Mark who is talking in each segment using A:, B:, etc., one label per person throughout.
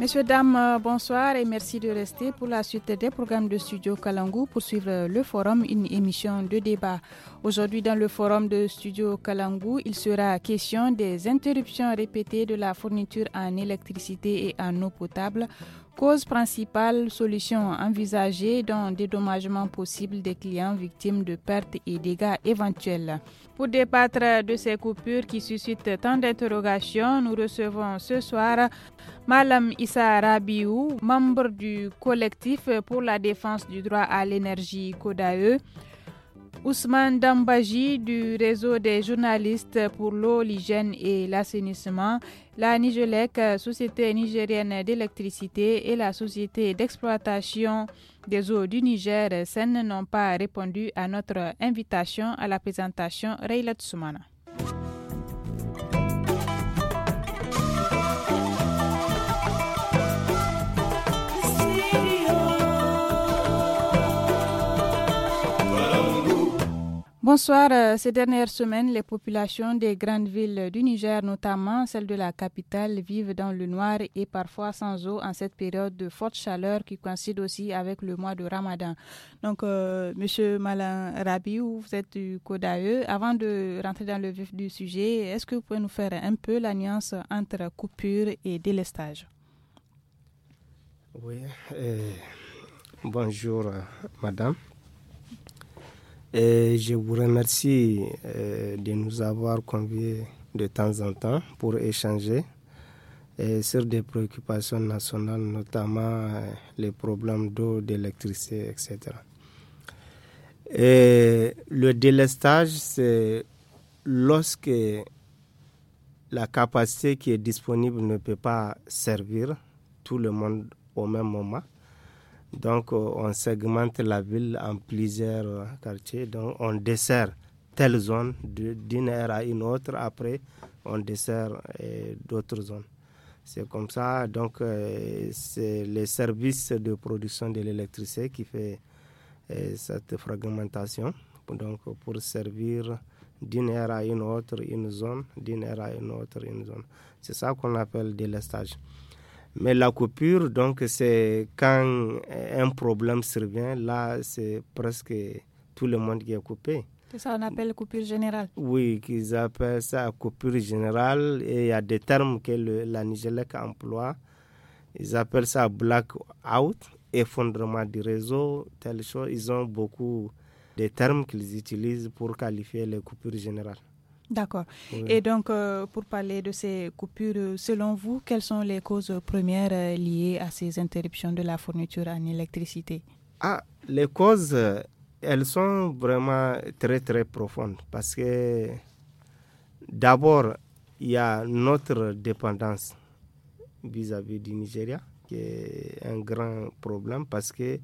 A: Messieurs, dames, euh, bonsoir et merci de rester pour la suite des programmes de Studio Kalangou pour suivre le forum, une émission de débat. Aujourd'hui, dans le forum de Studio Kalangou, il sera question des interruptions répétées de la fourniture en électricité et en eau potable. Cause principale, solution envisagée dans dédommagement possible des clients victimes de pertes et dégâts éventuels. Pour débattre de ces coupures qui suscitent tant d'interrogations, nous recevons ce soir Mme Issa Rabiou, membre du collectif pour la défense du droit à l'énergie CODAE. Ousmane Dambaji du réseau des journalistes pour l'eau, l'hygiène et l'assainissement, la Nigelec, société nigérienne d'électricité et la société d'exploitation des eaux du Niger, SEN, n'ont pas répondu à notre invitation à la présentation Reilat Bonsoir. Euh, ces dernières semaines, les populations des grandes villes du Niger, notamment celle de la capitale, vivent dans le noir et parfois sans eau en cette période de forte chaleur qui coïncide aussi avec le mois de Ramadan. Donc, euh, Monsieur Malin Rabiou, vous êtes du CODAE. E. Avant de rentrer dans le vif du sujet, est-ce que vous pouvez nous faire un peu la nuance entre coupure et délestage
B: Oui. Euh, bonjour, madame je vous remercie euh, de nous avoir conviés de temps en temps pour échanger sur des préoccupations nationales, notamment euh, les problèmes d'eau, d'électricité, etc. le délestage, c'est lorsque la capacité qui est disponible ne peut pas servir tout le monde au même moment. Donc, euh, on segmente la ville en plusieurs euh, quartiers. Donc, on dessert telle zone d'une aire à une autre. Après, on dessert euh, d'autres zones. C'est comme ça. Donc, c'est les services de production de l'électricité qui fait cette fragmentation. Donc, pour servir d'une aire à une autre, une zone, d'une aire à une autre, une zone. C'est ça qu'on appelle délestage. Mais la coupure, donc, c'est quand euh, un problème survient, là, c'est presque tout le monde qui est coupé.
A: C'est ça qu'on appelle coupure générale.
B: Oui, qu'ils appellent ça coupure générale. Et il y a des termes que la Nigélec emploie. Ils appellent ça blackout, effondrement du réseau, telle chose. Ils ont beaucoup de termes qu'ils utilisent pour qualifier les coupures générales.
A: D'accord. Et donc, euh, pour parler de ces coupures, selon vous, quelles sont les causes premières euh, liées à ces interruptions de la fourniture en électricité
B: ah, Les causes, elles sont vraiment très, très profondes parce que d'abord, il y a notre dépendance vis-à-vis du Nigeria, qui est un grand problème parce que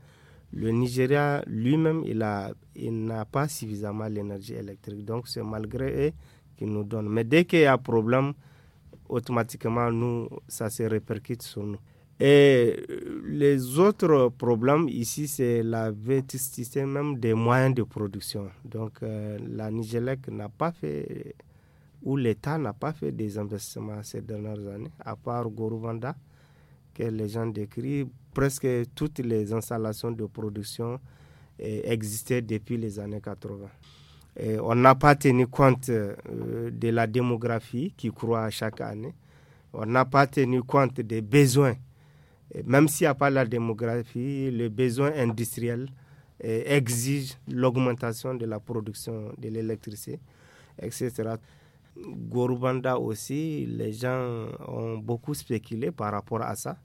B: le Nigeria lui-même, il n'a il pas suffisamment l'énergie électrique. Donc, c'est malgré eux qui nous donne. Mais dès qu'il y a problème, automatiquement, nous, ça se répercute sur nous. Et euh, les autres problèmes ici, c'est la vétusté même des moyens de production. Donc, euh, la Nigélec n'a pas fait, ou l'État n'a pas fait des investissements ces dernières années, à part Gorouvanda, que les gens décrivent. Presque toutes les installations de production euh, existaient depuis les années 80. Eh, on n'a pas tenu compte euh, de la démographie qui croît chaque année. On n'a pas tenu compte des besoins. même s'il n'y a pas la démographie, les besoins industriels exige eh, exigent l'augmentation de la production de l'électricité, etc. Gorubanda aussi, les gens ont beaucoup spéculé par rapport à ça,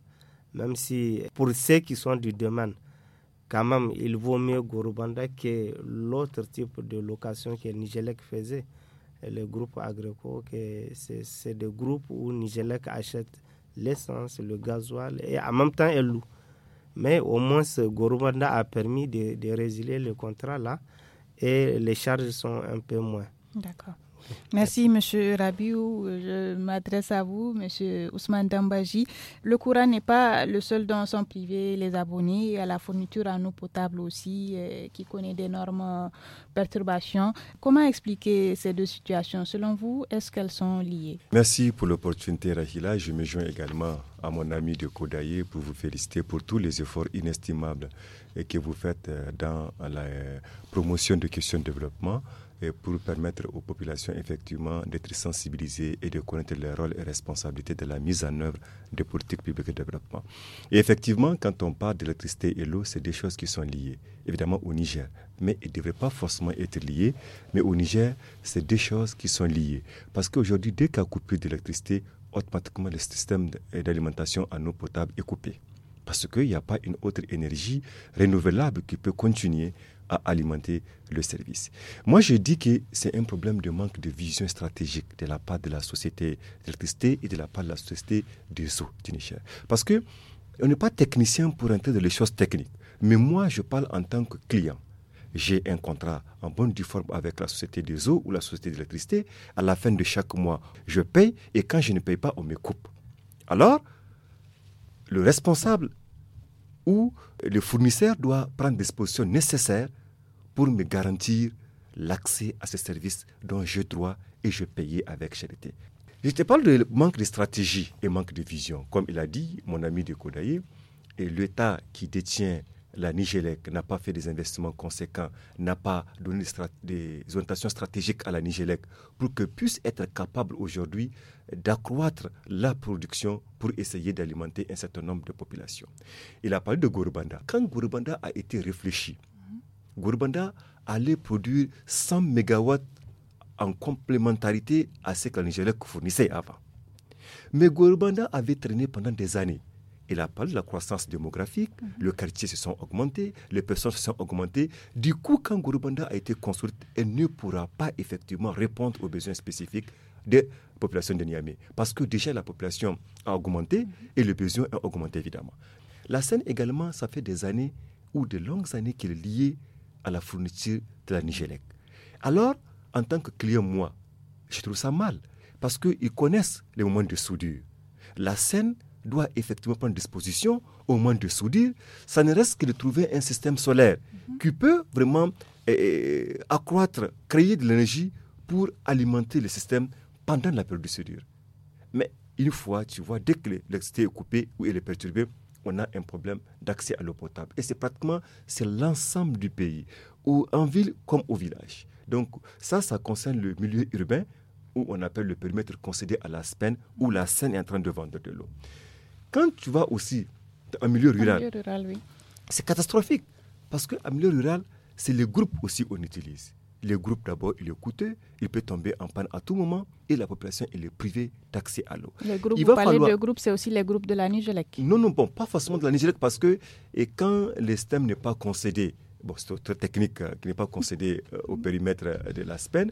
B: même si pour ceux qui sont du domaine, quand même, il vaut mieux Gorubanda que l'autre type de location que Nigelec faisait. le groupe que c'est des groupes où Nigelec achète l'essence, le gasoil et en même temps elle loue. Mais au moins, Gorubanda a permis de, de résilier le contrat là et les charges sont un peu moins.
A: D'accord. Merci, Monsieur Rabiou. Je m'adresse à vous, Monsieur Ousmane Dambaji. Le courant n'est pas le seul dans son privé, les abonnés. à la fourniture en eau potable aussi, euh, qui connaît d'énormes perturbations. Comment expliquer ces deux situations Selon vous, est-ce qu'elles sont liées
C: Merci pour l'opportunité, Rahila. Je me joins également à mon ami de Kodaye pour vous féliciter pour tous les efforts inestimables euh, que vous faites euh, dans la promotion de questions de développement pour permettre aux populations effectivement d'être sensibilisées et de connaître les rôles et responsabilités de la mise en œuvre des politiques publiques de développement. Et effectivement, quand on parle d'électricité et l'eau, c'est des choses qui sont liées, évidemment au Niger, mais elles ne devraient pas forcément être liées. Mais au Niger, c'est des choses qui sont liées. Parce qu'aujourd'hui, dès qu'il y a coupure d'électricité, automatiquement le système euh, d'alimentation en eau potable est coupé. Parce qu'il n'y a pas une autre énergie renouvelable qui peut continuer à alimenter le service. Moi, je dis que c'est un problème de manque de vision stratégique de la part de la société d'électricité et de la part de la société des eaux du Parce que on n'est pas technicien pour entrer dans les choses techniques. Mais moi, je parle en tant que client. J'ai un contrat en bonne due forme avec la société des eaux ou la société d'électricité. À la fin de chaque mois, je paye et quand je ne paye pas, on me coupe. Alors, le responsable ou le fournisseur doit prendre des dispositions nécessaires pour me garantir l'accès à ces services dont je droit et je payais avec charité. Je te parle de manque de stratégie et manque de vision. Comme il a dit, mon ami de Kodaye, et l'État qui détient la Nigélec n'a pas fait des investissements conséquents, n'a pas donné des orientations stratégiques à la Nigélec pour que puisse être capable aujourd'hui d'accroître la production pour essayer d'alimenter un certain nombre de populations. Il a parlé de Gorubanda. Quand Gorubanda a été réfléchi, Gourbanda allait produire 100 MW en complémentarité à ce que la fournissait avant. Mais Gourbanda avait traîné pendant des années. Il a parlé de la croissance démographique, mhm. le quartier se sont augmentés, les personnes se sont augmentées. Du coup, quand Gourbanda a été construite, elle ne pourra pas effectivement répondre aux besoins spécifiques des populations de Niamey. Parce que déjà la population a augmenté mhm. et le besoin a augmenté évidemment. La scène également, ça fait des années ou de longues années qu'il est lié à la fourniture de la Nigélec. Alors, en tant que client, moi, je trouve ça mal parce qu'ils connaissent les moments de soudure. La scène doit effectivement prendre disposition au moment de soudure. Ça ne reste que de trouver un système solaire mhm. qui peut vraiment eh, eh, accroître, créer de l'énergie pour alimenter le système pendant la période de soudure. Mais une fois, tu vois, dès que l'électricité est coupée ou elle est perturbée, on a un problème d'accès à l'eau potable. Et c'est pratiquement c'est l'ensemble du pays, ou en ville comme au village. Donc ça, ça concerne le milieu urbain, où on appelle le périmètre concédé à la Seine où la Seine est en train de vendre de l'eau. Quand tu vas aussi en milieu rural, c'est catastrophique, parce qu'en milieu rural, c'est les groupes aussi qu'on utilise le groupe d'abord il est coûté, il peut tomber en panne à tout moment et la population est privée d'accès à l'eau.
A: Le groupe, vous parlez de groupe, c'est aussi les groupes de la Nigelec.
C: Non, non, bon, pas forcément de la Nigelec, parce que et quand le STEM n'est pas concédé, c'est très technique, euh, qui n'est pas concédé euh, au périmètre euh, de la SPEN,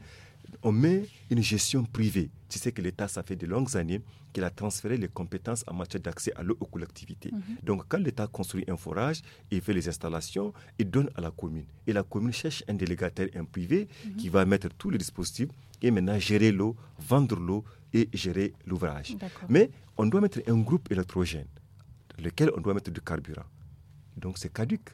C: on met une gestion privée. Tu sais que l'État, ça fait de longues années qu'il a transféré les compétences en matière d'accès à l'eau aux collectivités. Mhm. Donc, quand l'État construit un forage, il fait les installations, il donne à la commune. Et la commune cherche un délégataire, un privé, mhm. qui va mettre tous les dispositifs et maintenant gérer l'eau, vendre l'eau et gérer l'ouvrage. Mais on doit mettre un groupe électrogène, lequel on doit mettre du carburant. Donc, c'est caduque.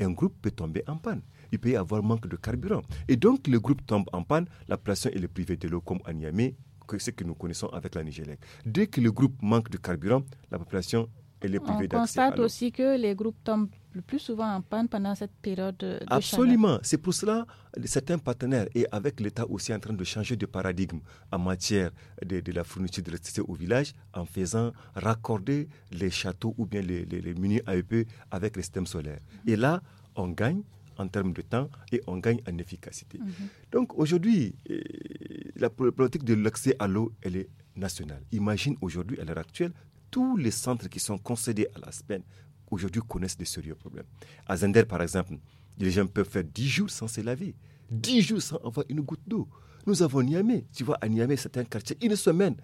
C: Un groupe peut tomber en panne il peut y avoir manque de carburant. Et donc, le groupe tombe en panne, la pression est le privé de l'eau comme à Niamey, ce que nous connaissons avec la Nigélec. Dès que le groupe manque de carburant, la population est privée d'accès. On constate aussi
A: que les groupes tombent le plus souvent en panne pendant cette période de Absolument.
C: C'est pour cela que certains partenaires et avec l'État aussi en train de changer de paradigme en matière de, de la fourniture d'électricité au village en faisant raccorder les châteaux ou bien les, les, munis AEP avec les systèmes solaires. Et là, on gagne en termes de temps et on gagne en efficacité. Mhm. Donc aujourd'hui, euh, la politique de l'accès à l'eau, elle est nationale. Imagine aujourd'hui, à l'heure actuelle, tous les centres qui sont concédés à la semaine, aujourd'hui connaissent de sérieux problèmes. À Zender, par exemple, les gens peuvent faire 10 jours sans se laver, 10 jours sans avoir une goutte d'eau. Nous avons Niamey. Tu vois, à Niamey, c'est un quartier, une semaine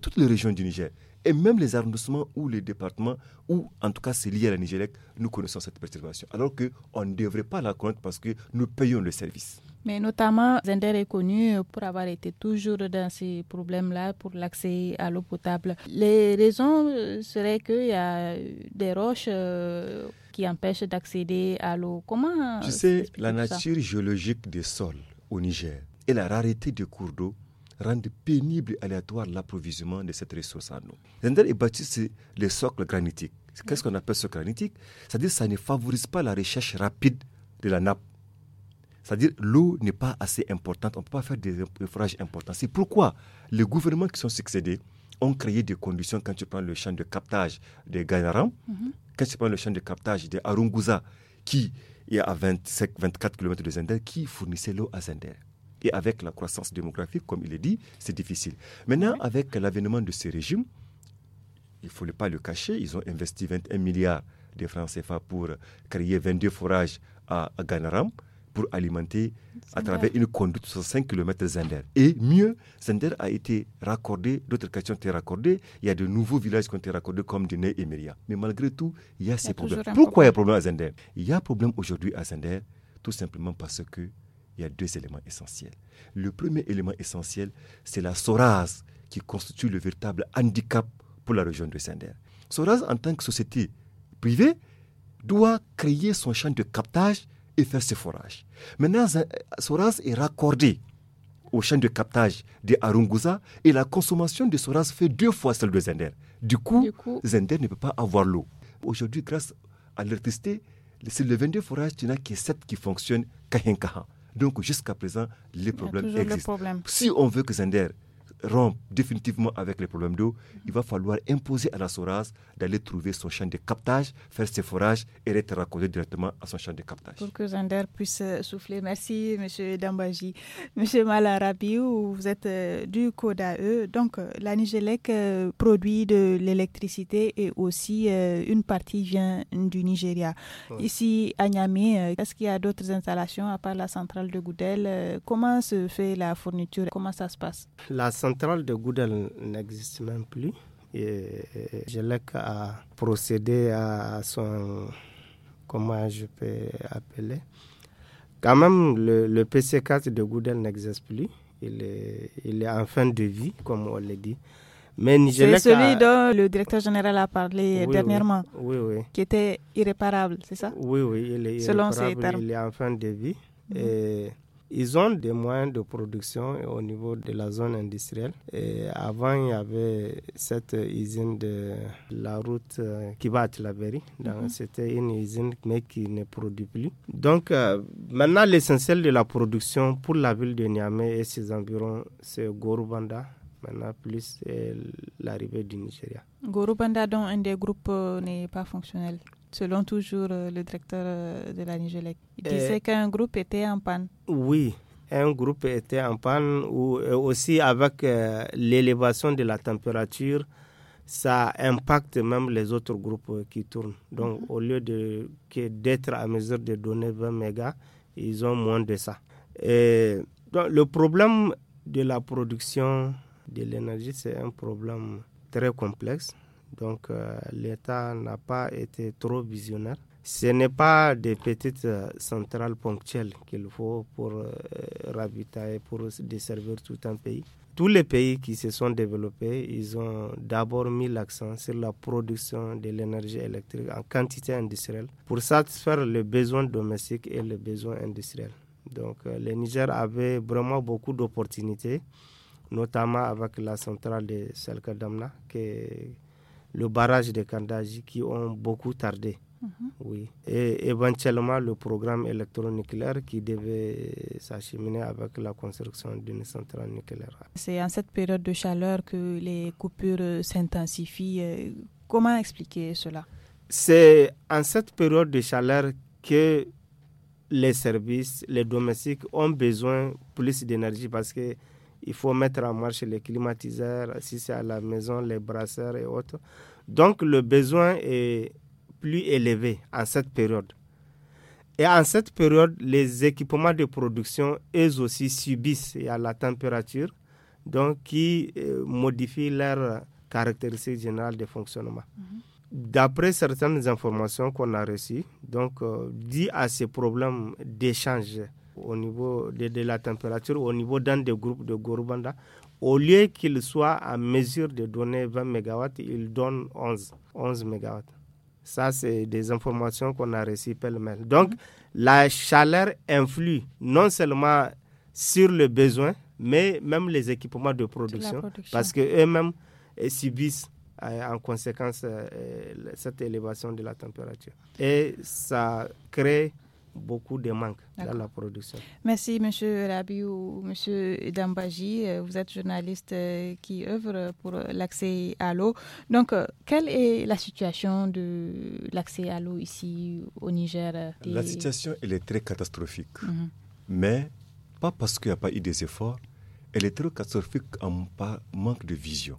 C: toutes les régions du Niger et même les arrondissements ou les départements où, en tout cas, c'est lié à la Nigélec, nous connaissons cette perturbation. Alors qu'on ne devrait pas la connaître parce que nous payons le service.
A: Mais notamment, Zender est connu pour avoir été toujours dans ces problèmes-là pour l'accès à l'eau potable. Les raisons euh, seraient qu'il y a des roches euh, qui empêchent d'accéder à l'eau. Comment Tu sais, la nature
C: géologique des sols au Niger et la rareté des cours d'eau rendent pénible et aléatoire l'approvisionnement de cette ressource en eau. Zender est bâti sur les socles granitiques. Qu'est-ce qu'on appelle socle granitique C'est-à-dire que ça ne favorise pas la recherche rapide de la nappe. C'est-à-dire l'eau n'est pas assez importante, on ne peut pas faire des forages importants. C'est pourquoi les gouvernements qui sont succédés ont créé des conditions quand tu prends le champ de captage de Ganaram, mhm. quand tu prends le champ de captage de Arunguza, qui est à 25, 24 km de Zender, qui fournissait l'eau à Zender. Et avec la croissance démographique, comme il est dit, c'est difficile. Maintenant, avec l'avènement de ces régimes, il ne faut pas le cacher, ils ont investi 21 milliards de francs CFA pour créer 22 forages à, Ganaram pour alimenter à travers une conduite sur 5 km Zender. Et mieux, Zender a été raccordé, d'autres questions ont été raccordées, il y a de nouveaux villages qui ont été raccordés comme Diné et Myria. Mais malgré tout, il y a ces problèmes. Pourquoi il y a problème à Zender Il y a problème aujourd'hui à Zender tout simplement parce que il y a deux éléments essentiels. Le premier élément essentiel, c'est la SORAS qui constitue le véritable handicap pour la région de Sender. SORAS, en tant que société privée, doit créer son champ de captage et faire ses forages. Maintenant, SORAS est raccordé au champ de captage de Arunguza et la consommation de SORAS fait deux fois celle de Zender. Du coup, Zender ne peut pas avoir l'eau. Aujourd'hui, grâce à l'électricité, sur le 22 forages, il n'y que 7 qui fonctionnent, donc jusqu'à présent, les problèmes existent. Si on veut que Zender rompe définitivement avec les problèmes d'eau, il va falloir imposer à la SORAS d'aller trouver son champ de captage, faire ses forages et être raccordé directement à son champ de captage.
A: Pour que Zander puisse euh, souffler. Merci, M. Dambaji. M. Malarabiou, vous êtes euh, du CODAE. Donc, euh, la Nigélec produit de l'électricité et aussi une partie vient du Nigeria. Ici, à Niamey, est-ce qu'il y a d'autres installations à part la centrale de Goudel Comment se fait la fourniture Comment ça se passe
B: la centrale centrale de Goudel n'existe même plus. Et GELEC a procédé à son. Comment je peux appeler Quand même, le, PC4 de Goudel n'existe plus. Il est, il est, en fin de vie, comme on l'a dit. Mais C'est celui
A: dont le directeur général a parlé dernièrement, oui, oui, qui était irréparable, c'est ça Oui, oui, il est Selon irréparable, il
B: est en fin de vie. Mhm. Et ils ont des moyens de production au niveau de la zone industrielle. Et avant, il y avait cette usine de la route euh, qui va à Tlaveri. Mhm. C'était une usine, mais qui ne produit plus. Donc, euh, maintenant, l'essentiel de la production pour la ville de Niamey et ses environs, c'est Gorubanda, maintenant plus l'arrivée du Nigeria.
A: Gorubanda, dont un des groupes euh, n'est pas fonctionnel selon toujours euh, le directeur euh, de la Nigelec, Il disait qu'un groupe était en panne.
B: Oui, un groupe était en panne ou euh, aussi avec l'élévation de la température, ça impacte même les autres groupes qui tournent. Donc mhm. au lieu de d'être à mesure de donner 20 mégas, ils ont moins de ça. le problème de la production de l'énergie, c'est un problème très complexe donc euh, l'État n'a pas été trop visionnaire. Ce n'est pas des petites euh, centrales ponctuelles qu'il faut pour euh, ravitailler, pour desservir tout un pays. Tous les pays qui se sont développés, ils ont d'abord mis l'accent sur la production de l'énergie électrique en quantité industrielle pour satisfaire les besoins domestiques et les besoins industriels. Donc le Niger avait vraiment beaucoup d'opportunités, notamment avec la centrale de Selkadamna, qui le barrage de Kandaji qui ont beaucoup tardé. Mhm. Oui. Et éventuellement, le programme électronucléaire qui devait s'acheminer avec la construction d'une centrale nucléaire.
A: C'est en cette période de chaleur que les coupures s'intensifient. Euh, comment expliquer cela
B: C'est en cette période de chaleur que les services, les domestiques ont besoin plus d'énergie parce que il faut mettre en marche les climatiseurs, si c'est à la maison, les brasseurs et autres. Donc le besoin est plus élevé en cette période. Et en cette période, les équipements de production, eux aussi, subissent à la température, donc qui euh, modifie leurs caractéristiques générales de fonctionnement. Mhm. D'après certaines informations qu'on a reçues, donc, euh, dit à ces problèmes d'échange au niveau de, la température, au niveau d'un des groupes de Gorubanda, au lieu qu'il soit à mesure de donner 20 MW, il donne 11, 11 MW. Ça, c'est des informations qu'on a reçues par Donc, mhm. la chaleur influe non seulement sur le besoin, mais même les équipements de production, de production. parce qu'eux-mêmes subissent euh, en conséquence euh, cette élévation de la température. Et ça crée beaucoup de manques dans la production.
A: Merci, M. ou M. Dambaji. Vous êtes journaliste euh, qui œuvre pour l'accès à l'eau. Donc, euh, quelle est la situation de l'accès à l'eau ici au Niger euh, La situation,
C: elle est très catastrophique. Mhm. Mais pas parce qu'il n'y a pas eu des efforts, elle est très catastrophique en manque de vision.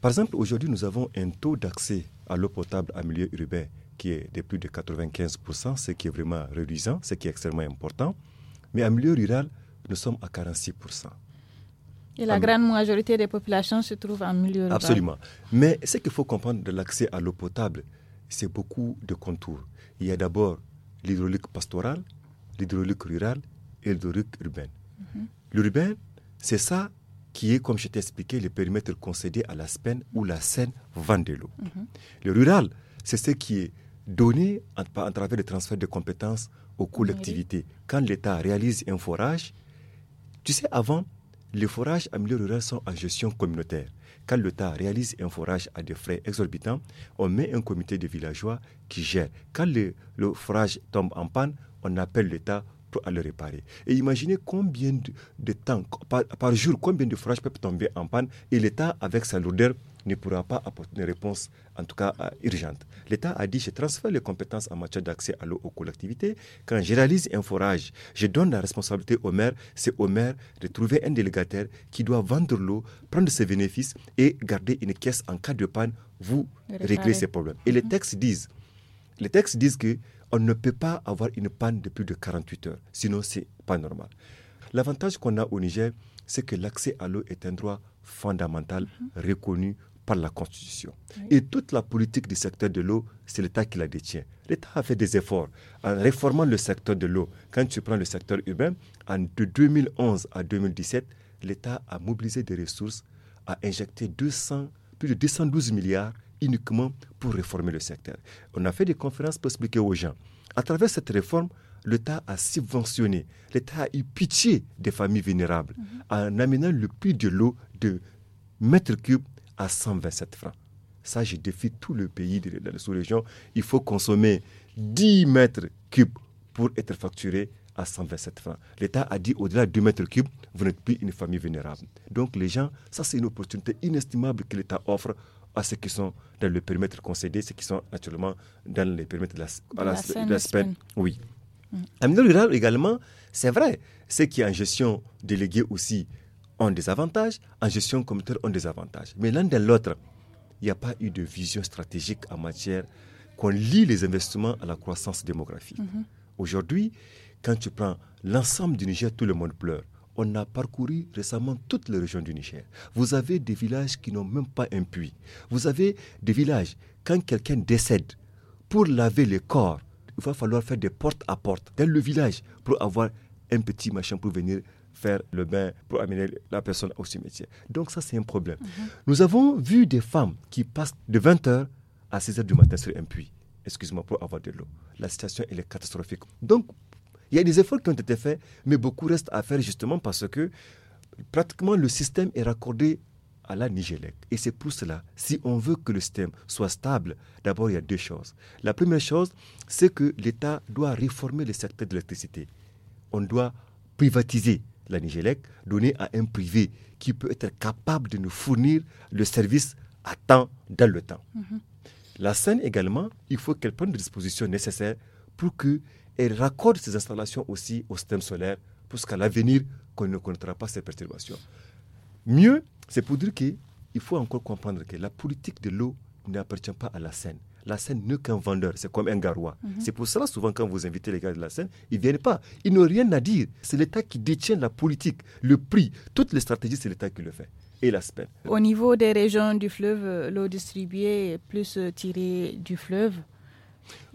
C: Par exemple, aujourd'hui, nous avons un taux d'accès à l'eau potable en milieu urbain qui est de plus de 95%, ce qui est vraiment réduisant, ce qui est extrêmement important. Mais en milieu rural, nous sommes à 46%.
A: Et la grande majorité des populations se trouvent en milieu rural. Absolument.
C: Mais ce qu'il faut comprendre de l'accès à l'eau potable, c'est beaucoup de contours. Il y a d'abord l'hydraulique pastorale, l'hydraulique rurale et l'hydraulique urbaine. Mhm. L'urbaine, c'est ça qui est, comme je t'ai expliqué, le périmètre concédé à la Seine ou la Seine vend de l'eau. Mhm. Le rural, c'est ce qui est donner à, travers le transfert de compétences aux collectivités. Quand l'État réalise un forage, tu sais, avant, les forages en milieu rural sont en gestion communautaire. Quand l'État réalise un forage à des frais exorbitants, on met un comité de villageois qui gère. Quand le, forage tombe en panne, on appelle l'État pour le réparer. Et imaginez combien de, temps, par, jour, combien de forages peuvent tomber en panne et l'État, avec sa lourdeur, ne pourra pas apporter une réponse, en tout cas euh, urgente. L'État a dit je transfère les compétences en matière d'accès à l'eau aux collectivités. Quand je réalise un forage, je donne la responsabilité au maire. C'est au maire de trouver un délégataire qui doit vendre l'eau, prendre ses bénéfices et garder une caisse en cas de panne. Vous réglez ces problèmes. Et les mm-hmm. textes disent, les textes disent que on ne peut pas avoir une panne de plus de 48 heures, sinon c'est pas normal. L'avantage qu'on a au Niger, c'est que l'accès à l'eau est un droit fondamental mm-hmm. reconnu par la Constitution. Et toute la politique du secteur de l'eau, c'est l'État qui la détient. L'État a fait des efforts en réformant le secteur de l'eau. Quand tu prends le secteur urbain, en, de 2011 à 2017, l'État a mobilisé des ressources, a injecté 200, plus de 212 milliards uniquement pour réformer le secteur. On a fait des conférences pour expliquer aux gens. À travers cette réforme, l'État a subventionné, l'État a eu pitié des familles vulnérables mhm. en amenant le prix de l'eau de mètre cube à 127 francs. Ça, je défie tout le pays de la sous-région. Il faut consommer 10 mètres cubes pour être facturé à 127 francs. L'État a dit au-delà de 2 mètres cubes, vous n'êtes plus une famille vénérable. Donc les gens, ça c'est une opportunité inestimable que l'État offre à ceux qui sont dans le périmètre concédé, ceux qui sont naturellement, dans le périmètre de la, de la, Oui. Mm. rural également, c'est vrai, ceux qui en gestion déléguée aussi, ont des avantages, en gestion communautaire ont des avantages. Mais l'un de l'autre, il n'y a pas eu de vision stratégique en matière qu'on lie les investissements à la croissance démographique. Mhm. Aujourd'hui, quand tu prends l'ensemble du Niger, tout le monde pleure. On a parcouru récemment toutes les régions du Niger. Vous avez des villages qui n'ont même pas un puits. Vous avez des villages, quand quelqu'un décède, pour laver le corps, il va falloir faire des portes à porte dans le village pour avoir un petit machin pour venir faire le bain pour amener la personne au cimetière. Donc ça, c'est un problème. Mhm. Nous avons vu des femmes qui passent de 20h à 6h du matin sur un puits, excuse-moi, pour avoir de l'eau. La situation, elle est catastrophique. Donc, il y a des efforts qui ont été faits, mais beaucoup reste à faire justement parce que pratiquement le système est raccordé à la Nigélec. Et c'est pour cela, si on veut que le système soit stable, d'abord il y a deux choses. La première chose, c'est que l'État doit réformer le secteur de l'électricité. On doit privatiser la Nigélec, donnée à un privé qui peut être capable de nous fournir le service à temps, dans le temps. Mhm. La Seine également, il faut qu'elle prenne des dispositions nécessaires pour qu'elle raccorde ses installations aussi au système solaire, parce qu'à l'avenir, qu'on ne connaîtra pas ces perturbations. Mieux, c'est pour dire qu'il faut encore comprendre que la politique de l'eau n'appartient pas à la Seine la scène n'est qu'un vendeur, c'est comme un garois. Mhm. C'est pour cela, souvent, quand vous invitez les gars de la scène, ils ne viennent pas. Ils n'ont rien à dire. C'est l'État qui détient la politique, le prix, toutes les stratégies, c'est l'État qui le fait. Et l'aspect.
A: Au niveau des régions du fleuve, l'eau distribuée est plus tirée du fleuve.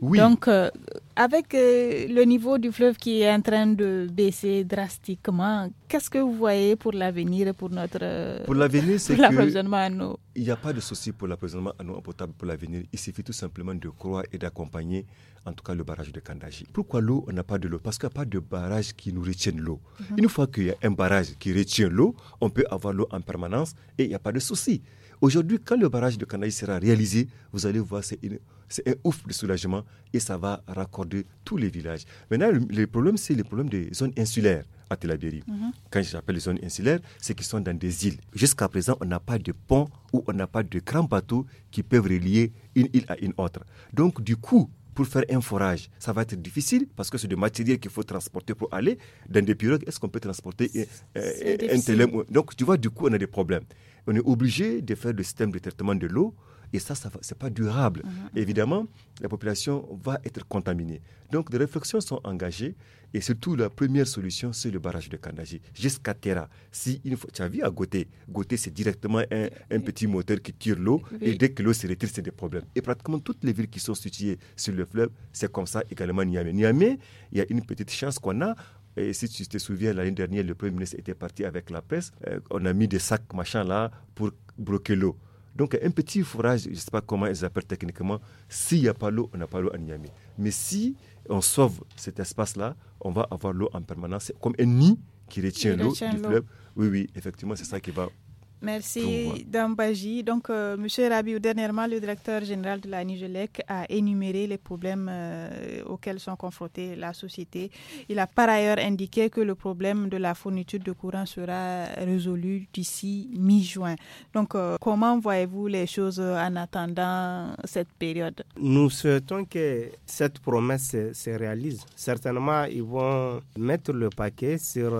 A: Donc, euh, avec euh, le niveau du fleuve qui est en train de baisser drastiquement, qu'est-ce que vous voyez pour l'avenir pour notre euh, pour l'avenir c'est l'approvisionnement
C: Il n'y a pas de souci pour l'approvisionnement en eau potable pour l'avenir. Il suffit tout simplement de croire et d'accompagner, en tout cas, le barrage de Kandaji. Pourquoi l'eau On n'a pas de l'eau parce qu'il n'y a pas de barrage qui nous retienne l'eau. Mhm. Une fois qu'il y a un barrage qui retient l'eau, on peut avoir l'eau en permanence et il n'y a pas de souci. Aujourd'hui, quand le barrage de Canaï sera réalisé, vous allez voir, c'est un ouf de soulagement et ça va raccorder tous les villages. Maintenant, le, problème, c'est le problème des zones insulaires à Tel mhm. Quand j'appelle les zones insulaires, c'est qu'ils sont dans des îles. Jusqu'à présent, on n'a pas de pont ou on n'a pas de grands bateaux qui peuvent relier une île à une autre. Donc, du coup, pour faire un forage, ça va être difficile parce que c'est du matériel qu'il faut transporter pour aller dans des pirogues. Est-ce qu'on peut transporter un, euh, un, Donc, tu vois, du coup, on a des problèmes on est obligé de faire le système de traitement de l'eau. Et ça, ça ce n'est pas durable. Mhm, mhm. Évidemment, la population va être contaminée. Donc, des réflexions sont engagées. Et surtout, la première solution, c'est le barrage de Kandaji, jusqu'à Terra. Si tu as vu à goûter goûter c'est directement un, petit moteur qui tire l'eau. Et dès que l'eau se retire, c'est des problèmes. Et pratiquement toutes les villes qui sont situées sur le fleuve, c'est comme ça également Niamey. Niamey, il y a une petite chance qu'on a. Et si tu te souviens, l'année dernière, le Premier ministre était parti avec la presse. Euh, on a mis des sacs, machin, là, pour bloquer l'eau. Donc, un petit forage, je ne sais pas comment ils appellent techniquement, s'il n'y a pas l'eau, on n'a pas l'eau à Niamey. Mais si on sauve cet espace-là, on va avoir l'eau en permanence, comme un nid qui retient l'eau du fleuve. Oui, oui, effectivement, c'est ça qui va
A: Merci Dambaji. Donc, M. Euh, Monsieur Rabiou, dernièrement, le directeur général de la Nigelec a énuméré les problèmes euh, auxquels sont confrontés la société. Il a par ailleurs indiqué que le problème de la fourniture de courant sera résolu d'ici mi-juin. Donc, euh, comment voyez-vous les choses en attendant cette période
B: Nous souhaitons que cette promesse se, réalise. Certainement, ils vont mettre le paquet sur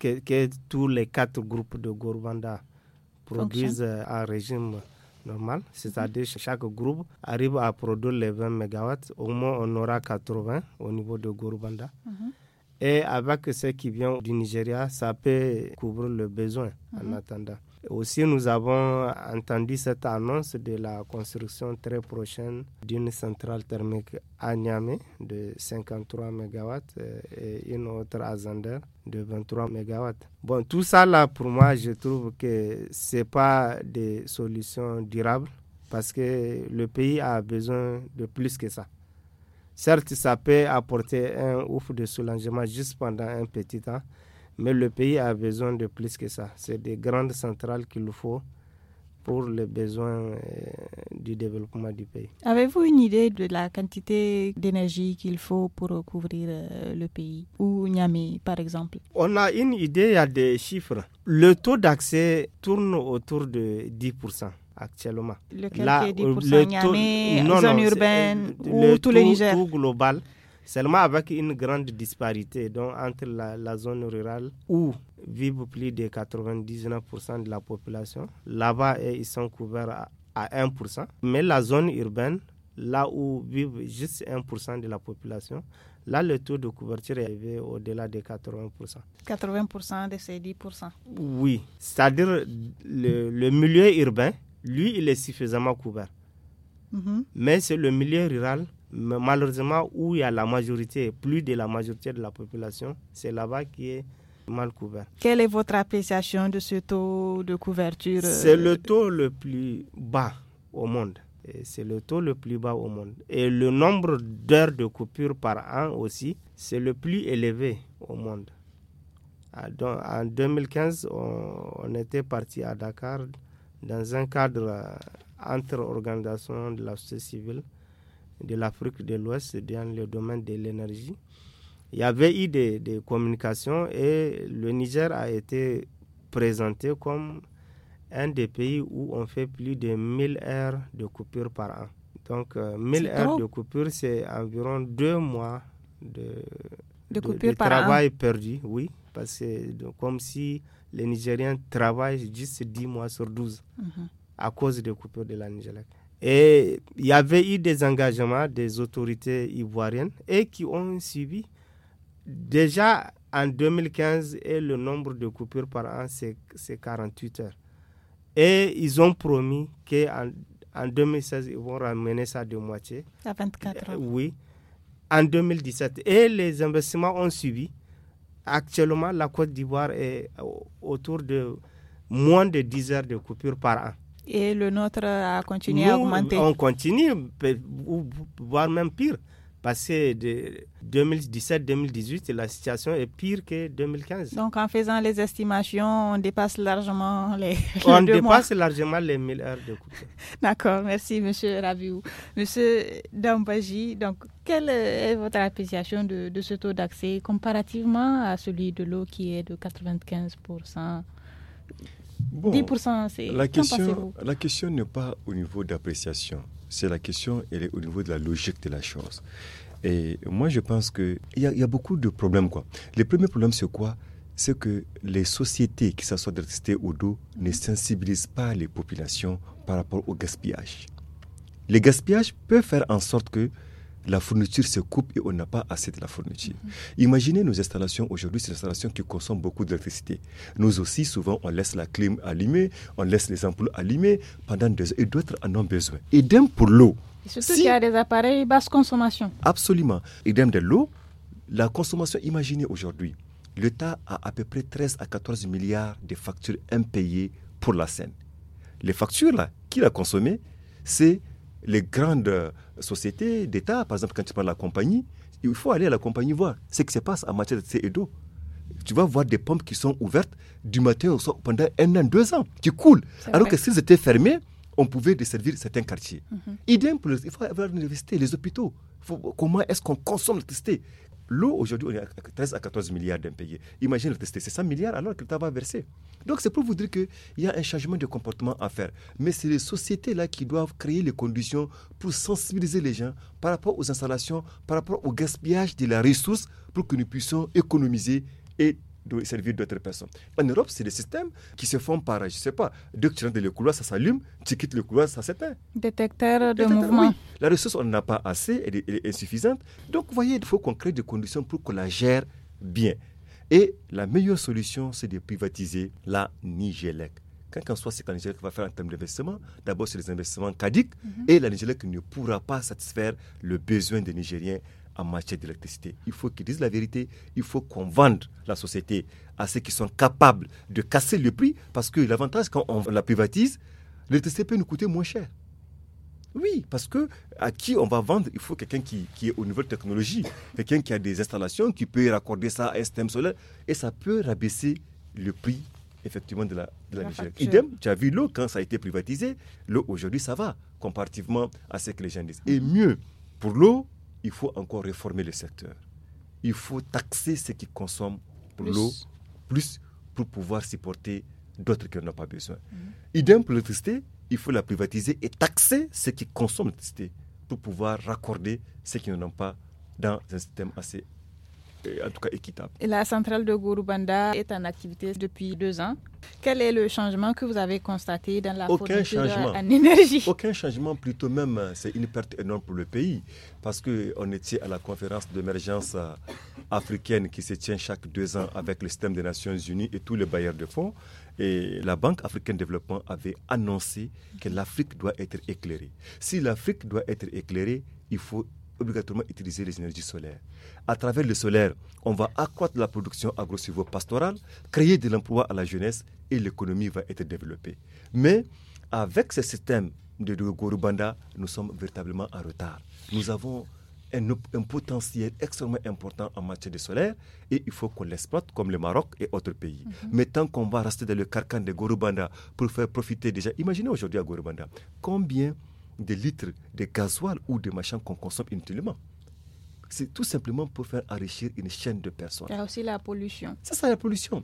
B: que, tous les quatre groupes de Gourvanda produisent un euh, régime normal, mhm. c'est-à-dire chaque groupe arrive à produire les 20 MW, au moins on aura 80 au niveau de Gorubanda. Mhm. Et avec ceux qui viennent du Nigeria, ça peut couvrir le besoin en mhm. attendant. Aussi, nous avons entendu cette annonce de la construction très prochaine d'une centrale thermique à Niamey de 53 MW euh, et une autre à Zander de 23 MW. Bon, tout ça là, pour moi, je trouve que ce n'est pas des solutions durables parce que le pays a besoin de plus que ça. Certes, ça peut apporter un ouf de soulagement juste pendant un petit temps, mais le pays a besoin de plus que ça. C'est des grandes centrales qu'il faut pour les besoins euh, du développement du pays.
A: Avez-vous une idée de la quantité d'énergie qu'il faut pour couvrir euh, le pays ou Niamey, par exemple
B: On a une idée, il y a des chiffres. Le taux d'accès tourne autour de 10% actuellement. Lequel Là, qui est 10% Niamey, zone urbaine ou tout, le Niger taux global, Seulement avec une grande disparité donc entre la, zone rurale où vivent plus de 99% de la population. Là-bas, ils sont couverts à, 1%. Mais la zone urbaine, là où vivent juste 1% de la population, là, le taux de couverture est élevé au-delà de 80%.
A: 80% de ces 10%.
B: Oui, c'est-à-dire le, le, milieu urbain, lui, il est suffisamment couvert. Mm-hmm. Mais c'est le milieu rural mais malheureusement, où il y a la majorité, plus de la majorité de la population, c'est là-bas qui est mal couvert.
A: Quelle est votre appréciation de ce taux de couverture euh, C'est le
B: taux le plus bas au monde. C'est le taux le plus bas au monde. Et le nombre d'heures de coupure par an aussi, c'est le plus élevé au monde. En 2015, on, était parti à Dakar dans un cadre euh, entre organisations de la société civile de l'Afrique de l'Ouest dans le domaine de l'énergie. Il y avait eu des, communications et le Niger a été présenté comme un des pays où on fait plus de 1000 heures de coupure par an. Donc 1000 euh, heures de coupure, c'est environ deux mois de, travail perdu, oui, parce que comme si les Nigériens travaillent juste 10 mois sur 12 mhm. à cause des coupures de la Nigeria. Et il y avait eu des engagements des autorités ivoiriennes et qui ont suivi. Déjà en 2015, et le nombre de coupures par an, c'est 48 heures. Et ils ont promis qu'en en 2016, ils vont ramener ça de moitié. À 24 heures. Euh, oui. En 2017. Et les investissements ont suivi. Actuellement, la Côte d'Ivoire est autour de moins de 10 heures de coupures par an
A: et le nôtre a continué à augmenter. On
B: continue, voire même pire. Parce de 2017-2018, la situation est pire que 2015. Donc en faisant
A: les estimations, on dépasse largement les. on dépasse
B: largement les milliards de coûts.
A: D'accord, merci Monsieur Rabiou. Monsieur Dambaji, donc quelle est votre appréciation de ce taux d'accès comparativement à celui de l'eau qui est de 95
C: 10%, c'est... La question, la question n'est pas au niveau d'appréciation, c'est la question, elle est au niveau de la logique de la chose. Et moi, je pense qu'il y, a, y a beaucoup de problèmes. Quoi. Le premier problème, c'est quoi c'est que les sociétés, qui s'assoient de rester au dos, ne mhm. sensibilisent pas les populations par rapport au gaspillage. Les gaspillages peuvent faire en sorte que la fourniture se coupe et on n'a pas assez de la fourniture. Mhm. Imaginez nos installations aujourd'hui, ces installations qui consomment beaucoup d'électricité. Nous aussi, souvent, on laisse la clim allumée, on laisse les ampoules allumées pendant deux heures et d'autres en ont besoin. Idem pour l'eau.
A: Surtout qu'il y a des appareils basse consommation.
C: Absolument. Idem de l'eau, la consommation, imaginez aujourd'hui, l'État a à peu près 13 à 14 milliards de factures impayées pour la Seine. Les factures, là, qu'il a consommées, c'est les grandes euh, sociétés d'État, par exemple, quand tu parles de la compagnie, il faut aller à la compagnie voir ce qui se passe en matière de et d'eau. Tu vas voir des pompes qui sont ouvertes du matin au soir pendant un an, deux ans, qui coulent. Alors que s'ils étaient fermés, on pouvait desservir certains quartiers. Mm-hmm. Idem pour les, il faut avoir les hôpitaux. comment est-ce qu'on consomme l'électricité L'eau, aujourd'hui, on est à 13 à 14 milliards d'impayés. Imagine le tester, c'est 100 milliards alors que l'État va verser. Donc, c'est pour vous dire qu'il y a un changement de comportement à faire. Mais c'est les sociétés-là qui doivent créer les conditions pour sensibiliser les gens par rapport aux installations, par rapport au gaspillage de la ressource pour que nous puissions économiser et de servir d'autres personnes. En Europe, c'est des systèmes qui se font par, je ne sais pas, dès tu rentres dans le couloir, ça s'allume, tu quittes le couloir, ça s'éteint.
A: Détecteur de mouvement.
C: La ressource, on n'a pas assez, elle est, insuffisante. Donc, vous voyez, il faut qu'on crée des conditions pour qu'on la gère bien. Et la meilleure solution, c'est de privatiser la Nigélec. Quand qu'on soit c'est que va faire en termes d'investissement, d'abord, c'est des investissements cadiques mhm. et la Nigélec ne pourra pas satisfaire le besoin des Nigériens en matière d'électricité. Il faut qu'ils disent la vérité, il faut qu'on vende la société à ceux qui sont capables de casser le prix, parce que l'avantage quand on la privatise, l'électricité peut nous coûter moins cher. Oui, parce que à qui on va vendre, il faut quelqu'un qui, qui, est de la technologie, quelqu'un qui a des installations, qui peut raccorder ça à un système solaire, et ça peut rabaisser le prix effectivement de la, de Idem, tu as vu l'eau quand ça a été privatisé, l'eau aujourd'hui ça va comparativement à ce que les gens disent. Et mieux, pour l'eau, il faut encore réformer le secteur. Il faut taxer ceux qui consomment l'eau plus pour pouvoir supporter d'autres qui n'ont pas besoin. Mm-hmm. Idem pour l'électricité, il faut la privatiser et taxer ceux qui consomment l'électricité pour pouvoir raccorder ceux qui n'en ont pas dans un système assez en tout cas équitable.
A: La centrale de Gorubanda est en activité depuis deux ans. Quel est le changement que vous avez constaté dans la Aucun changement. énergie
C: Aucun changement, plutôt même, c'est une perte énorme pour le pays, parce qu'on était à la conférence d'émergence africaine qui se tient chaque deux ans avec le système des Nations Unies et tous les bailleurs de fonds. Et la Banque africaine de développement avait annoncé que l'Afrique doit être éclairée. Si l'Afrique doit être éclairée, il faut obligatoirement utiliser les énergies solaires. À travers le solaire, on va accroître la production agro pastorale créer de l'emploi à la jeunesse et l'économie va être développée. Mais avec ce système de Gorubanda, nous sommes véritablement en retard. Nous avons un, potentiel extrêmement important en matière de solaire et il faut qu'on l'exploite comme le Maroc et autres pays. Mhm. Mais tant qu'on va rester dans le carcan de Gorubanda pour faire profiter déjà, imaginez aujourd'hui à Gorubanda combien des litres de gasoil ou de machins qu'on consomme inutilement. C'est tout simplement pour faire enrichir une chaîne de personnes. Il
A: y a aussi la pollution. C'est ça la pollution.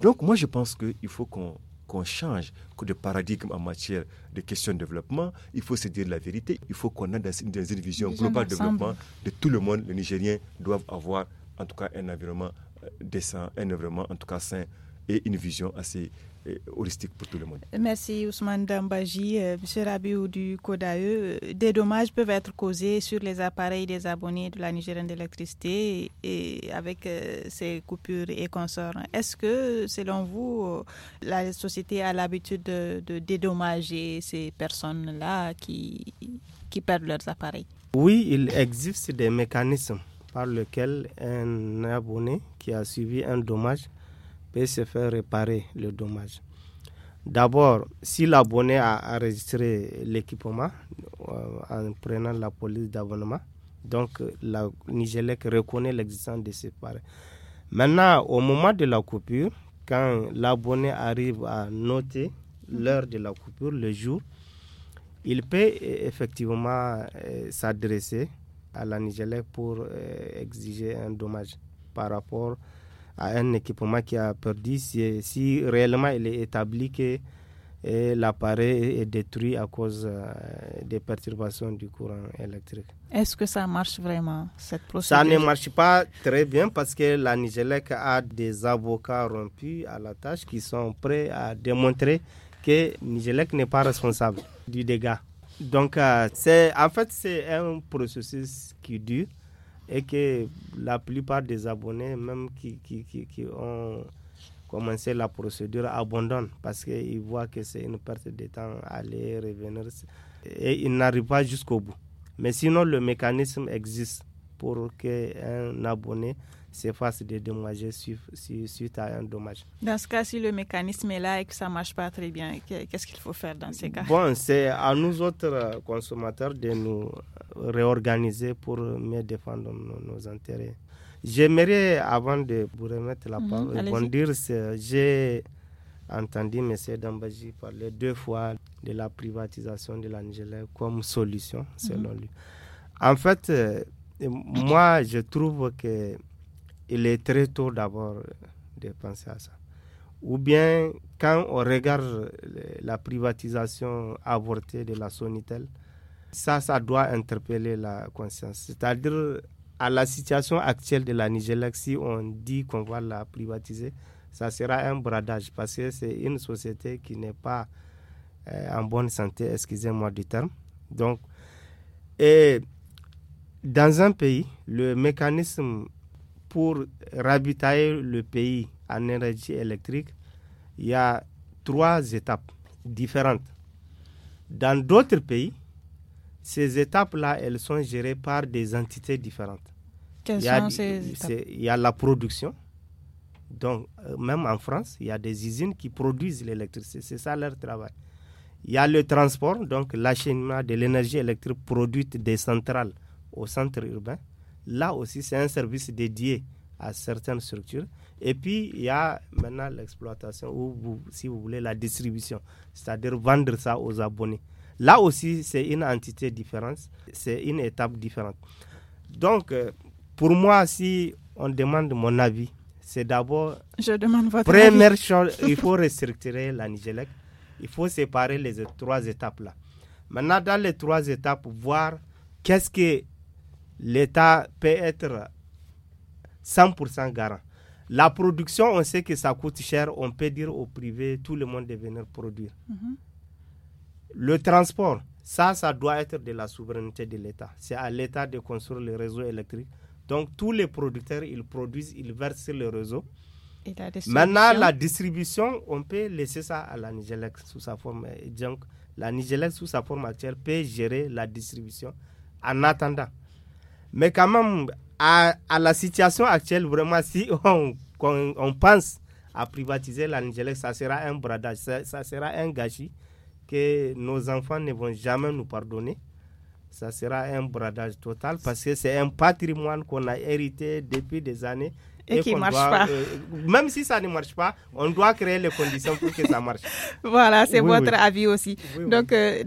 C: Donc moi je pense qu'il faut qu'on qu'on change de paradigme en matière de questions de développement. Il faut se dire la vérité. Il faut qu'on ait dans une, vision globale de développement de tout le monde. Les Nigériens doivent avoir en tout cas un environnement euh, décent, un environnement en tout cas sain et une vision assez holistique pour tout le monde.
A: Merci Ousmane Dambaji. Euh, Monsieur Rabiou du CODAE, euh, des dommages peuvent être causés sur les appareils des abonnés de la Nigérienne d'électricité et avec euh, ces coupures et consorts. Est-ce que, selon vous, la société a l'habitude de, dédommager ces personnes-là qui, qui perdent leurs appareils
B: Oui, il existe des mécanismes par lesquels un abonné qui a subi un dommage peut se faire réparer le dommage. D'abord, si l'abonné a enregistré l'équipement euh, en prenant la police d'abonnement, donc euh, la Nigélec reconnaît l'existence de ces paris. Maintenant, au moment de la coupure, quand l'abonné arrive à noter l'heure de la coupure, le jour, il peut euh, effectivement s'adresser à la Nigélec pour exiger un dommage par rapport à un équipement qui a perdu si, réellement il est établi que eh, l'appareil est détruit à cause euh, des perturbations du courant électrique.
A: Est-ce que ça marche vraiment, cette procédure Ça ne marche
B: pas très bien parce que la nigelec a des avocats rompus à la tâche qui sont prêts à démontrer que Nigélec n'est pas responsable du dégât. Donc, euh, c'est en fait, c'est un processus qui dure et que la plupart des abonnés, même qui, qui, qui, ont commencé la procédure, abandonnent parce qu'ils voient que c'est une perte de temps aller, revenir, et ils n'arrivent pas jusqu'au bout. Mais sinon, le mécanisme existe pour qu'un abonné s'efface de dommages suite, à un dommage.
A: Dans ce cas, si le mécanisme est là et que ça ne marche pas très bien, qu'est-ce qu'il faut faire dans ces cas Bon,
B: c'est à nous autres euh, consommateurs de nous réorganiser pour mieux défendre nos, intérêts. J'aimerais, avant de vous remettre la mhm, parole, mmh, J'ai entendu M. Dambaji parler deux fois de la privatisation de l'Angela comme solution, mhm. selon lui. En fait, euh, moi, je trouve que il est très tôt d'abord de penser à ça. Ou bien, quand on regarde la privatisation avortée de la Sonitel, ça, ça doit interpeller la conscience. C'est-à-dire, à la situation actuelle de la Nigélac, si on dit qu'on va la privatiser, ça sera un bradage parce que c'est une société qui n'est pas euh, en bonne santé, excusez-moi du terme. Donc, et dans un pays, le mécanisme pour ravitailler le pays en énergie électrique, il y a trois étapes différentes. Dans d'autres pays, ces étapes-là, elles sont gérées par des entités différentes. Quelles il y a, sont ces étapes Il y a la production. Donc, euh, même en France, il y a des usines qui produisent l'électricité. C'est ça leur travail. Il y a le transport, donc l'acheminement de l'énergie électrique produite des centrales au centre urbain. Là aussi, c'est un service dédié à certaines structures. Et puis, il y a maintenant l'exploitation, ou si vous voulez, la distribution, c'est-à-dire vendre ça aux abonnés. Là aussi, c'est une entité différente, c'est une étape différente. Donc, euh, pour moi, si on demande mon avis, c'est d'abord. Je demande votre Première chose, il faut restructurer la Nigélec. Il faut séparer les trois étapes-là. Maintenant, dans les trois étapes, voir qu'est-ce que l'État peut être 100% garant. La production, on sait que ça coûte cher. On peut dire au privé, tout le monde de venir produire. Mhm. Le transport, ça, ça doit être de la souveraineté de l'État. C'est à l'État de construire le réseau électrique. Donc, tous les producteurs, ils produisent, ils versent le réseau. Maintenant, la distribution, on peut laisser ça à la Nigélex sous sa forme. Euh, Donc, la Nigélex, sous sa forme actuelle peut gérer la distribution en attendant. Mais quand même, à, la situation actuelle, vraiment, si on, pense à privatiser la Nigélex, ça sera un bradage, ça sera un gâchis que nos enfants ne vont jamais nous pardonner. Ça sera un bradage total parce que c'est un patrimoine qu'on a hérité depuis des années et, qui qui marche pas. Euh, même si ça ne marche pas, on doit créer les conditions pour que ça marche. Voilà, c'est votre avis
A: aussi. Donc, euh,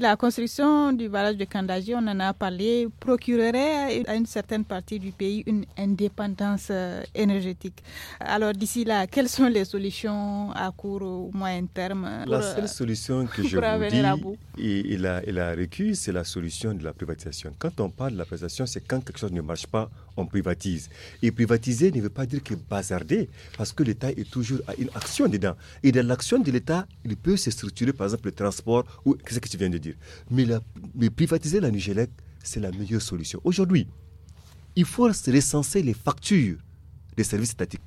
A: la construction du barrage de Kandaji, on en a parlé, procurerait à une certaine partie du pays une indépendance euh, énergétique. Alors, d'ici là, quelles sont les solutions à court ou moyen terme La seule
C: solution que je vous dis, et, la, et la c'est la solution de la privatisation. Quand on parle de la privatisation, c'est quand quelque chose ne marche pas, on privatise. Et privatiser pas dire que bazarder, parce que l'État est toujours à une action dedans. Et dans l'action de l'État, il peut se structurer, par exemple, le transport ou ce que tu viens de dire. Mais, la, mais privatiser la Nigelec, c'est la meilleure solution. Aujourd'hui, il faut recenser les factures des services statiques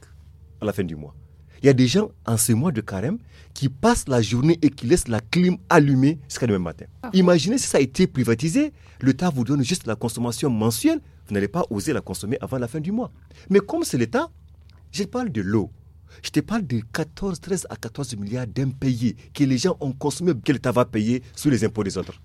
C: à la fin du mois. Il y a des gens en ce mois de carême qui passent la journée et qui laissent la clim allumée jusqu'à demain matin. Ah. Imaginez si ça a été privatisé, l'État vous donne juste la consommation mensuelle vous n'allez pas oser la consommer avant la fin du mois. Mais comme c'est l'État, je parle de l'eau. Je te parle de 14, 13 à 14 milliards d'impayés que les gens ont consommés, que l'État va payer sous les impôts des autres.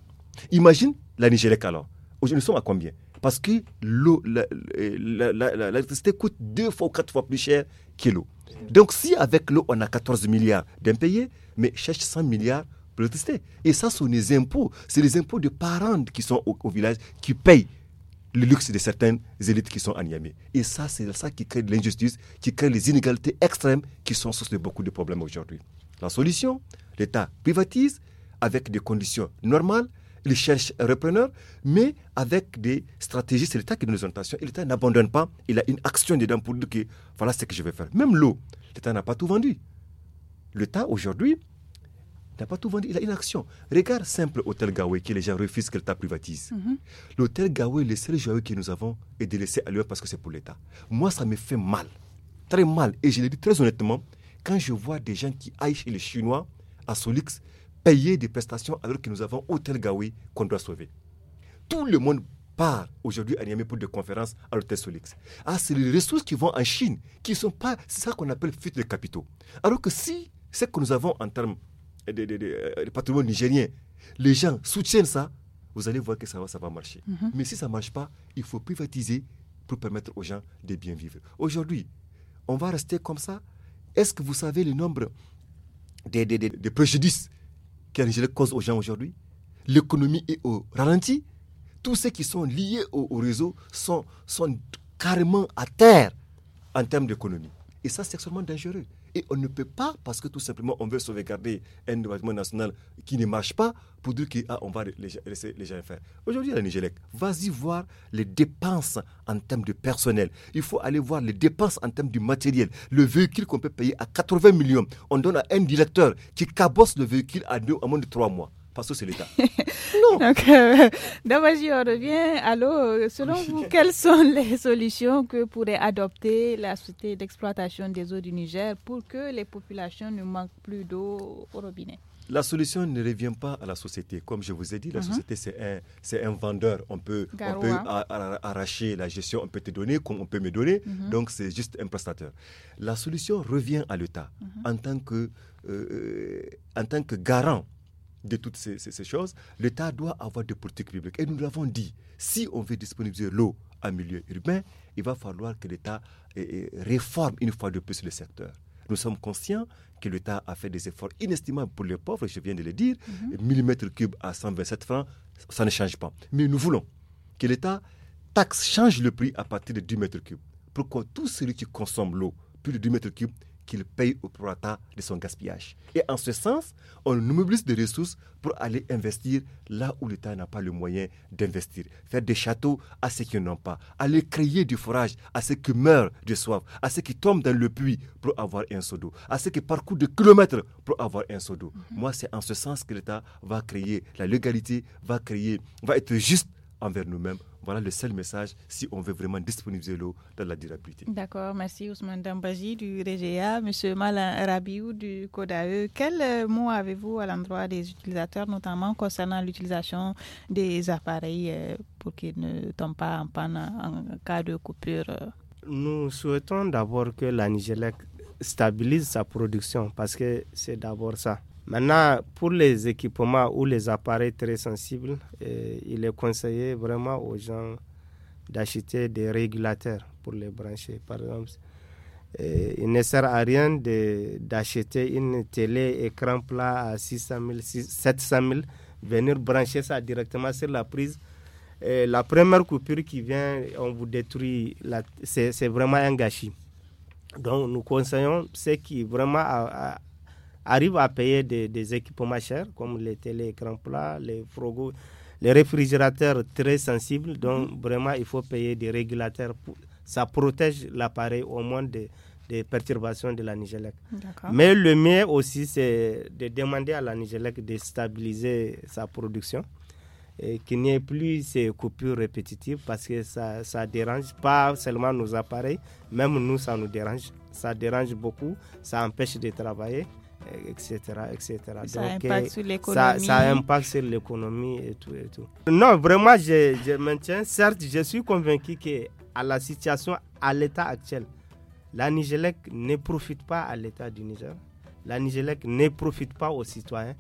C: Imagine la Nigérique alors. Aujourd'hui, nous sommes à combien Parce que l'eau, l'électricité coûte deux fois ou quatre fois plus cher que l'eau. Donc, si avec l'eau, on a 14 milliards d'impayés, mais cherche 100 milliards pour l'électricité. Et ça, ce sont les impôts. C'est les impôts de parents qui sont au village qui payent le luxe de certaines élites qui sont à Et ça, c'est ça qui crée de l'injustice, qui crée les inégalités extrêmes qui sont source de beaucoup de problèmes aujourd'hui. La solution, l'État privatise avec des conditions normales, il cherche un repreneur, mais avec des stratégies, c'est l'État qui donne les L'État n'abandonne pas, il a une action dedans pour dire que voilà ce que je vais faire. Même l'eau, l'État n'a pas tout vendu. L'État aujourd'hui, il n'a pas tout vendu, il a une action. Regarde simple l'hôtel Gaoué que les gens refusent que l'état privatise. Mhm. L'Hôtel Gaoué le seul joyeux que nous avons est de laisser à l'heure parce que c'est pour l'État. Moi, ça me fait mal. Très mal. Et je le dis très honnêtement, quand je vois des gens qui aillent chez les Chinois, à Solix, payer des prestations alors que nous avons Hôtel Gaoué qu'on doit sauver. Tout le monde part aujourd'hui à Niamey pour des conférences à l'hôtel Solix. Ah, c'est les ressources qui vont en Chine, qui ne sont pas, c'est ça qu'on appelle fuite de capitaux. Alors que si c'est que nous avons en termes eh, euh, des patrimoines nigériens, patrimoine nigérien, les gens soutiennent ça, vous allez voir que ça va, ça va marcher. Mhm. Mais si ça ne marche pas, il faut privatiser pour permettre aux gens de bien vivre. Aujourd'hui, on va rester comme ça. Est-ce que vous savez le nombre des, des, des, préjudices qu'un cause aux gens aujourd'hui L'économie est au ralenti. Tous ceux qui sont liés au, au réseau sont, sont carrément à terre en termes d'économie. Et ça, c'est extrêmement dangereux. Et on ne peut pas, parce que tout simplement, on veut sauvegarder un développement national qui ne marche pas, pour dire qu'on ah, va laisser les gens faire. Aujourd'hui, la Nigélec, vas-y voir les dépenses en termes de personnel. Il faut aller voir les dépenses en termes du matériel. Le véhicule qu'on peut payer à 80 millions, on donne à un directeur qui cabosse le véhicule à, deux, à moins de trois mois parce que c'est l'État.
A: non. Donc, euh, on revient. Alors, selon vous, quelles sont les solutions que pourrait adopter la société d'exploitation des eaux du Niger pour que les populations ne manquent plus d'eau au robinet
C: la solution ne revient pas à la société. Comme je vous ai dit, la uh-huh. société, c'est un, un vendeur. On peut, arracher la gestion, on peut te donner comme on peut me donner. Uh-huh. Donc, c'est juste un prestataire. La solution revient à l'État uh-huh. en, euh, euh, en tant que garant de toutes ces, choses, l'État doit avoir des politiques publiques. Et nous l'avons dit, si on veut disponibiliser l'eau en milieu urbain, il va falloir que l'État réforme une fois de plus le secteur. Nous sommes conscients que l'État a fait des efforts inestimables pour les pauvres, je viens de le dire. Mhm. Millimètre mm 3 cube à 127 francs, ça ne change pas. Mais nous voulons que l'État taxe, change le prix à partir de 10 mètres cubes pour que tous celui qui consomment l'eau, plus de 10 mètres cubes, qu'il paye au prorata de son gaspillage. Et en ce sens, on mobilise des ressources pour aller investir là où l'État n'a pas le moyen d'investir. Faire des châteaux à ceux qui n'ont pas. Aller créer du forage à ceux qui meurent de soif, à ceux qui tombent dans le puits pour avoir un seau d'eau, à ceux qui parcourent des kilomètres pour avoir un seau d'eau. Mhm. Moi, c'est en ce sens que l'État va créer la légalité, va créer, va être juste envers nous-mêmes voilà le seul message si on veut vraiment disponibiliser l'eau dans la durabilité.
A: D'accord, merci Ousmane Dambaji du REGEA, M. Malin Rabiou du CODAE. Quels euh, mots avez-vous à l'endroit des utilisateurs, notamment concernant l'utilisation des appareils euh, pour qu'ils ne tombent pas en panne en cas de
B: coupure euh? Nous souhaitons d'abord que la Nigélec stabilise sa production parce que c'est d'abord ça. Maintenant, pour les équipements ou les appareils très sensibles, eh, il est conseillé vraiment aux gens d'acheter des régulateurs pour les brancher. Par exemple, eh, il ne sert à rien d'acheter une télé écran plat à 600 000, 700 000, venir brancher ça directement sur la prise. Eh, la première coupure qui vient, on vous détruit, c'est vraiment un gâchis. Donc nous conseillons ceux qui vraiment arrivent à payer des, équipements chers, comme les télécrans plats, les frogos, les réfrigérateurs très sensibles. Mhm. Donc, vraiment, il faut payer des régulateurs. ça protège l'appareil au moins des, perturbations de la Nigelec. Mais le mieux aussi, c'est de demander à la Nigelec de stabiliser sa production et qu'il n'y ait plus ces coupures répétitives parce que ça, ça dérange pas seulement nos appareils, même nous, ça nous dérange. Ça dérange beaucoup, ça empêche de travailler etc. etc. Ça, Donc, impacte eh, sur l'économie. impacte sur l'économie et tout, et tout. Non, vraiment, je, je maintiens. Certes, je suis convaincu que à la situation, à l'état actuel, la Nigélec ne profite pas à l'état du Niger. La Nigélec ne profite pas aux citoyens.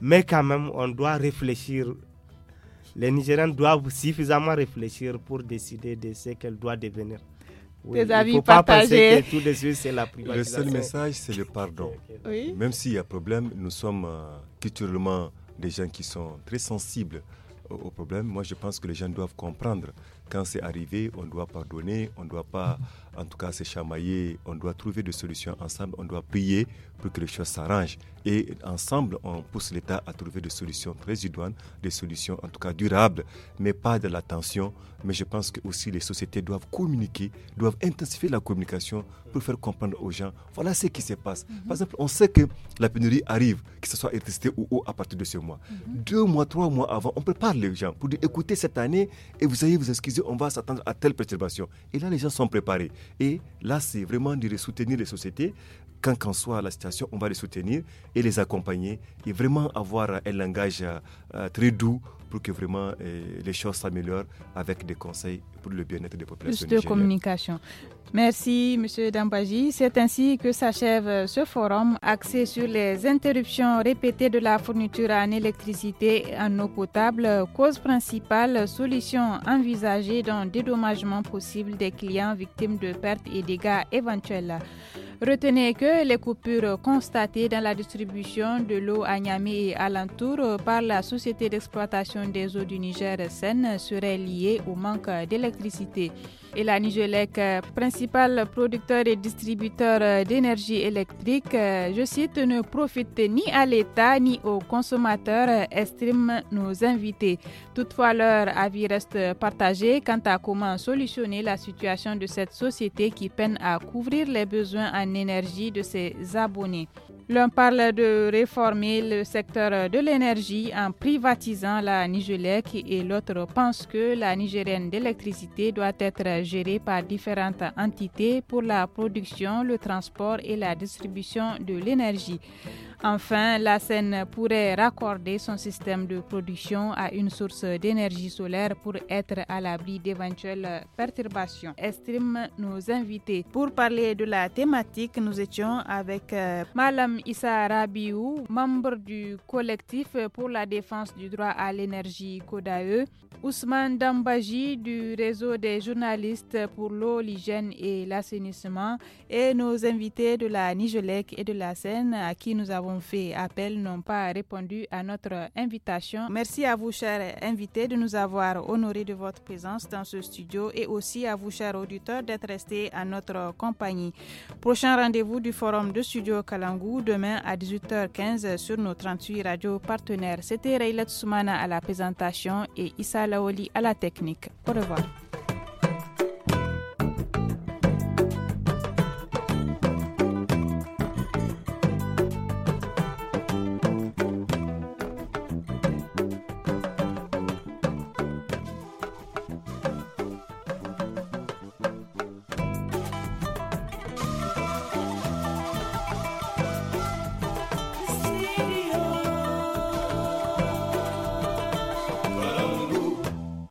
B: Mais quand même, on doit réfléchir. Les Nigériens doivent suffisamment réfléchir pour décider de ce qu'elle doit devenir avis partagés.
C: Le seul message c'est le pardon. Même s'il y a problème, nous sommes euh, culturellement des gens qui sont très sensibles aux problèmes. problème. Moi je pense que les gens doivent comprendre quand c'est arrivé, on doit pardonner, on ne doit pas en tout cas se chamailler, on doit trouver des solutions ensemble, on doit prier pour que les choses s'arrangent. Et ensemble, on pousse l'État à trouver des solutions très idoines, des solutions en tout cas durables, mais pas de la tension. Mais je pense que aussi les sociétés doivent communiquer, doivent intensifier la communication pour faire comprendre aux gens, voilà ce qui se passe. Mhm. Par exemple, on sait que la pénurie arrive, que ce soit électricité ou eau à partir de ce mois. Mhm. Deux mois, trois mois avant, on prépare les gens pour dire, écoutez, cette année, et vous allez vous excuser, on va s'attendre à telle perturbation. Et là, les gens sont préparés. Et là, c'est vraiment de soutenir les sociétés, quand qu'en soit la situation on va les soutenir et les accompagner et vraiment avoir un langage euh, très doux pour que vraiment euh, les choses s'améliorent avec des conseils pour le bien-être des populations. Plus de
A: communication. Merci, M. Dambaji. C'est ainsi que s'achève ce forum axé sur les interruptions répétées de la fourniture en électricité et en eau potable, cause principale, solution envisagée dans dédommagement possible des clients victimes de pertes et dégâts éventuels. Retenez que les coupures constatées dans la distribution de l'eau à Niamey et alentour par la société d'exploitation des eaux du Niger Seine seraient liées au manque d'électricité. Et la Nigelec, euh, principal producteur et distributeur euh, d'énergie électrique, euh, je cite, ne profite ni à l'État ni aux consommateurs, estiment nos invités. Toutefois, leur avis reste partagé quant à comment solutionner la situation de cette société qui peine à couvrir les besoins en énergie de ses abonnés. L'un parle de réformer le secteur de l'énergie en privatisant la Nigelec et l'autre pense que la Nigérienne d'électricité doit être gérés par différentes entités pour la production, le transport et la distribution de l'énergie. Enfin, la Seine pourrait raccorder son système de production à une source d'énergie solaire pour être à l'abri d'éventuelles perturbations, Estime nos invités. Pour parler de la thématique, nous étions avec euh, Madame Issa Rabiou, membre du collectif pour la défense du droit à l'énergie CODAE, Ousmane Dambaji du réseau des journalistes pour l'eau, l'hygiène et l'assainissement, et nos invités de la Nigelec et de la Seine à qui nous avons fait appel n'ont pas répondu à notre invitation. Merci à vous, chers invités, de nous avoir honorés de votre présence dans ce studio et aussi à vous, chers auditeurs, d'être restés à notre compagnie. Prochain rendez-vous du forum de Studio Kalangou demain à 18h15 sur nos 38 radios partenaires. C'était Raylette Soumana à la présentation et Issa Laoli à la technique. Au revoir.